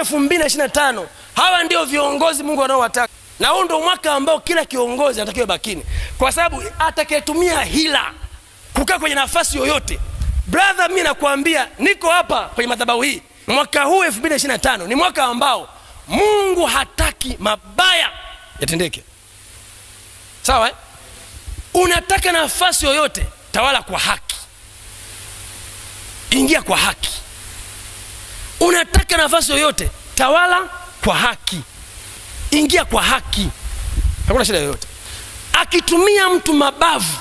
elfu hawa ndio viongozi Mungu anaowataka na huu ndio mwaka ambao kila kiongozi anatakiwa bakini, kwa sababu atakayetumia hila kukaa kwenye nafasi yoyote, brother, mimi nakwambia niko hapa kwenye madhabahu hii, mwaka huu 2025 ni mwaka ambao Mungu hataki mabaya yatendeke, sawa eh? Unataka nafasi yoyote, tawala kwa haki, ingia kwa haki. Unataka nafasi yoyote, tawala kwa haki, ingia kwa haki, hakuna shida yoyote. Akitumia mtu mabavu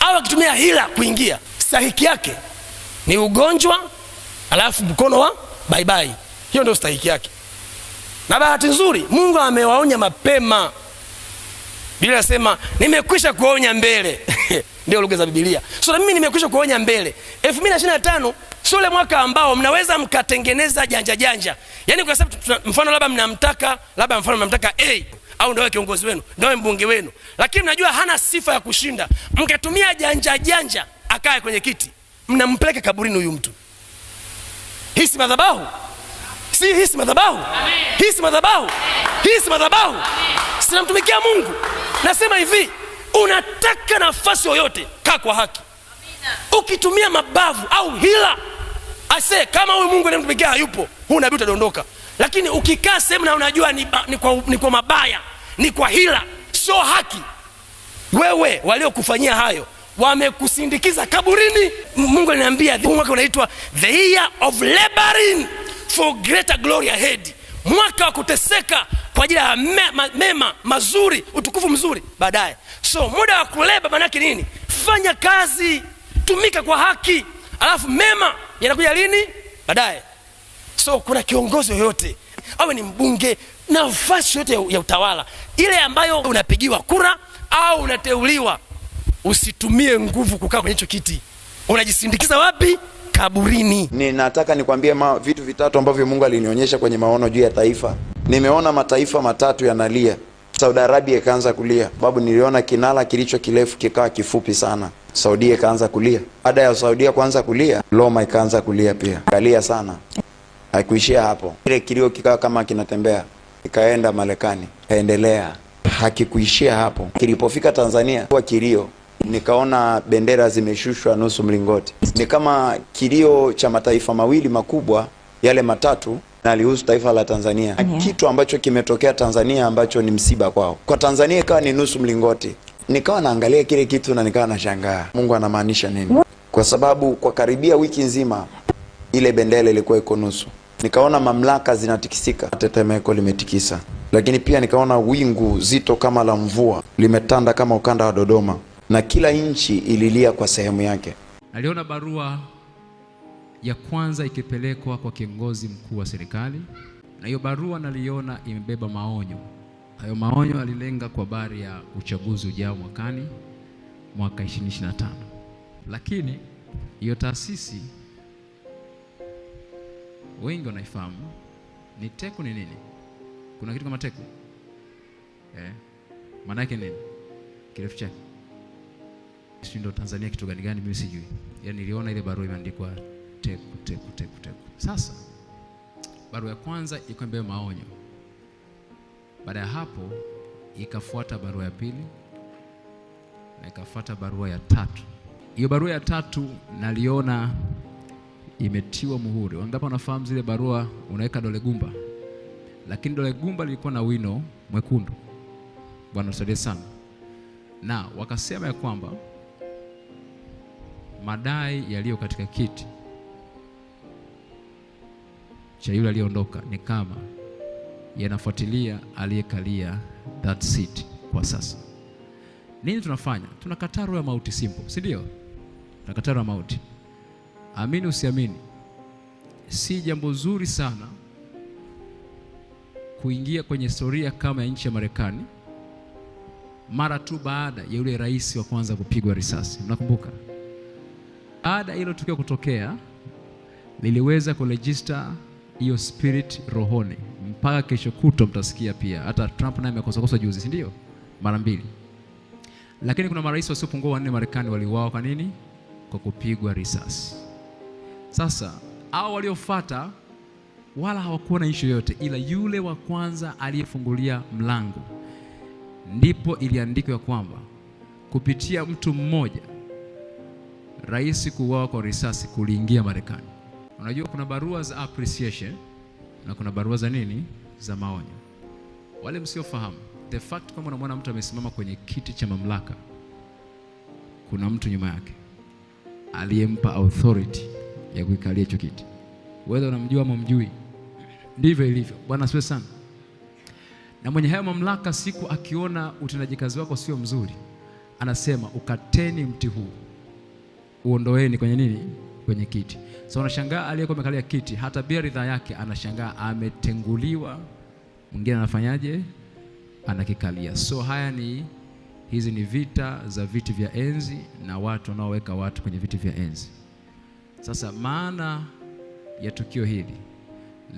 au akitumia hila kuingia, stahiki yake ni ugonjwa, alafu mkono wa baibai. Hiyo ndio stahiki yake. Na bahati nzuri Mungu amewaonya mapema. Biblia nasema nimekwisha kuonya mbele ndio lugha za Biblia. So na mimi nimekwisha kuonya mbele. tano sio ule mwaka ambao mnaweza mkatengeneza janja janja, yani kwa sababu mfano labda mnamtaka labda mfano mnamtaka hey, au ndio kiongozi wenu ndio mbunge wenu, lakini mnajua hana sifa ya kushinda, mkatumia janja janja akae kwenye kiti, mnampeleka kaburini huyu mtu. Hii si madhabahu? Si hii si madhabahu? Hii si madhabahu? Hii si madhabahu? Sinamtumikia Mungu. Nasema hivi, unataka nafasi yoyote, kaa kwa haki. Ukitumia mabavu au hila ase kama huyu mungu ni mtu pekee hayupo huu nabii utadondoka lakini ukikaa sehemu na unajua ni, ni, kwa, ni kwa mabaya ni kwa hila sio haki wewe waliokufanyia hayo wamekusindikiza kaburini mungu aliniambia mwaka unaitwa the year of laboring for greater glory ahead mwaka wa kuteseka kwa ajili ya mema, mema mazuri utukufu mzuri baadaye so muda wa kuleba maanaake nini fanya kazi tumika kwa haki alafu mema yanakuja lini? Baadaye. So kuna kiongozi yoyote awe ni mbunge, nafasi yote ya utawala ile ambayo unapigiwa kura au unateuliwa, usitumie nguvu kukaa kwenye hicho kiti. Unajisindikiza wapi? Kaburini. Ninataka nikwambie vitu vitatu ambavyo Mungu alinionyesha kwenye maono juu ya taifa. Nimeona mataifa matatu yanalia. Saudi Arabia ikaanza kulia, sababu niliona kinara kilicho kirefu kikawa kifupi sana. Saudia ikaanza kulia. baada ya Saudia kuanza kulia, Roma ikaanza kulia pia, kalia sana. Haikuishia hapo, ile kilio kikawa kama kinatembea, ikaenda Marekani, kaendelea, hakikuishia hapo. Kilipofika Tanzania kwa kilio, nikaona bendera zimeshushwa nusu mlingoti. Ni kama kilio cha mataifa mawili makubwa yale matatu nalihusu taifa la Tanzania, kitu ambacho kimetokea Tanzania ambacho ni msiba kwao. Kwa Tanzania ikawa ni nusu mlingoti nikawa naangalia kile kitu na nikawa nashangaa Mungu anamaanisha nini, kwa sababu kwa karibia wiki nzima ile bendele ilikuwa iko nusu. Nikaona mamlaka zinatikisika, tetemeko limetikisa, lakini pia nikaona wingu zito kama la mvua limetanda kama ukanda wa Dodoma, na kila nchi ililia kwa sehemu yake. Aliona barua ya kwanza ikipelekwa kwa kiongozi mkuu wa serikali, na hiyo barua naliona imebeba maonyo Hayo maonyo alilenga kwa bari ya uchaguzi ujao mwakani, mwaka 2025. Lakini hiyo taasisi wengi wanaifahamu. Ni teku ni nini? Kuna kitu kama teku eh? Maana yake nini? Kirefu chake si ndo Tanzania kitu gani gani, mimi sijui. Yaani niliona ile barua imeandikwa teku teku teku teku. Sasa barua ya kwanza ikwambia maonyo baada ya hapo ikafuata barua ya pili na ikafuata barua ya tatu. Hiyo barua ya tatu naliona imetiwa muhuri. Wangapi wanafahamu zile barua unaweka dole gumba, lakini dole gumba lilikuwa na wino mwekundu. Bwana usaidie sana. Na wakasema ya kwamba madai yaliyo katika kiti cha yule aliyeondoka ni kama yanafuatilia aliyekalia that seat kwa sasa. Nini tunafanya? Tunakataa roho ya mauti, simple, si ndio? Tunakataa roho ya mauti. Amini usiamini, si jambo zuri sana kuingia kwenye historia kama ya nchi ya Marekani mara tu baada ya yule rais wa kwanza kupigwa risasi. Mnakumbuka? Baada ya hilo tukio kutokea, liliweza kurejista hiyo spirit rohoni mpaka kesho kuto mtasikia pia. Hata Trump naye amekosakosa juzi, si ndio? Mara mbili. Lakini kuna marais wasiopungua wanne Marekani waliuawa kwa nini? Kwa kupigwa risasi. Sasa hao waliofuata wala hawakuwa na issue yoyote, ila yule wa kwanza aliyefungulia mlango, ndipo iliandikwa ya kwamba kupitia mtu mmoja rais kuuawa kwa risasi kuliingia Marekani. Unajua kuna barua za appreciation na kuna barua za nini za maonyo. Wale msiofahamu, the fact kwamba unamwona mtu amesimama kwenye kiti cha mamlaka, kuna mtu nyuma yake aliyempa authority ya kuikalia hicho kiti, wewe unamjua ama mjui. Ndivyo ilivyo. Bwana asifiwe sana. Na mwenye hayo mamlaka, siku akiona utendaji kazi wako sio mzuri, anasema ukateni mti huu, uondoeni kwenye nini kwenye kiti. So unashangaa aliyekuwa amekalia kiti hata bila ridhaa yake, anashangaa ametenguliwa, mwingine anafanyaje? Anakikalia. So haya ni hizi ni vita za viti vya enzi na watu wanaoweka watu kwenye viti vya enzi. Sasa maana ya tukio hili,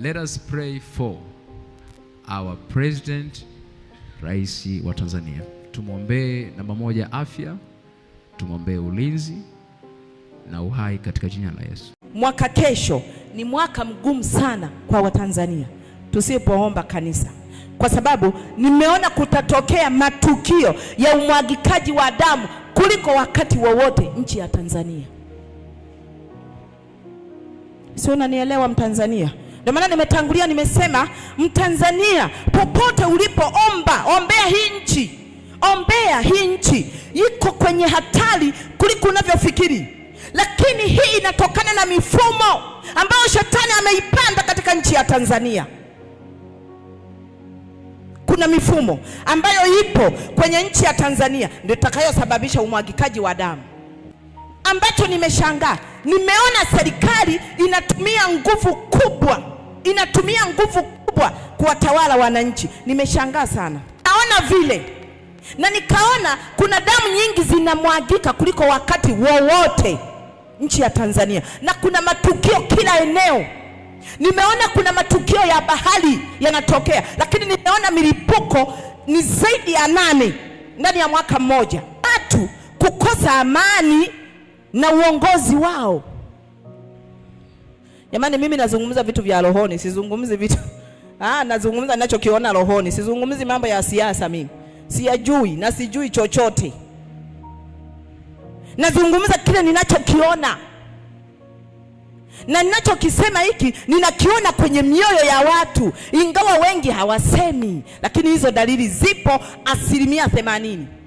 let us pray for our president, rais wa Tanzania. Tumwombee namba moja afya, tumwombee ulinzi na uhai katika jina la Yesu. Mwaka kesho ni mwaka mgumu sana kwa Watanzania tusipoomba kanisa, kwa sababu nimeona kutatokea matukio ya umwagikaji wa damu kuliko wakati wowote wa nchi ya Tanzania. Sio, unanielewa Mtanzania? Ndio maana nimetangulia nimesema, Mtanzania popote ulipoomba, ombea hii nchi, ombea hii nchi, iko kwenye hatari kuliko unavyofikiri lakini hii inatokana na mifumo ambayo shetani ameipanda katika nchi ya Tanzania. Kuna mifumo ambayo ipo kwenye nchi ya Tanzania ndio itakayosababisha umwagikaji wa damu. Ambacho nimeshangaa, nimeona serikali inatumia nguvu kubwa, inatumia nguvu kubwa kuwatawala wananchi. Nimeshangaa sana, naona vile na nikaona kuna damu nyingi zinamwagika kuliko wakati wowote nchi ya Tanzania, na kuna matukio kila eneo. Nimeona kuna matukio ya bahari yanatokea, lakini nimeona milipuko ni zaidi ya nane ndani ya mwaka mmoja. Watu kukosa amani na uongozi wao. Jamani, mimi nazungumza vitu vya rohoni, sizungumzi vitu ah, nazungumza ninachokiona rohoni, sizungumzi mambo ya siasa. Mimi siyajui na sijui chochote nazungumza kile ninachokiona na ninachokisema hiki ninakiona kwenye mioyo ya watu, ingawa wengi hawasemi, lakini hizo dalili zipo asilimia themanini.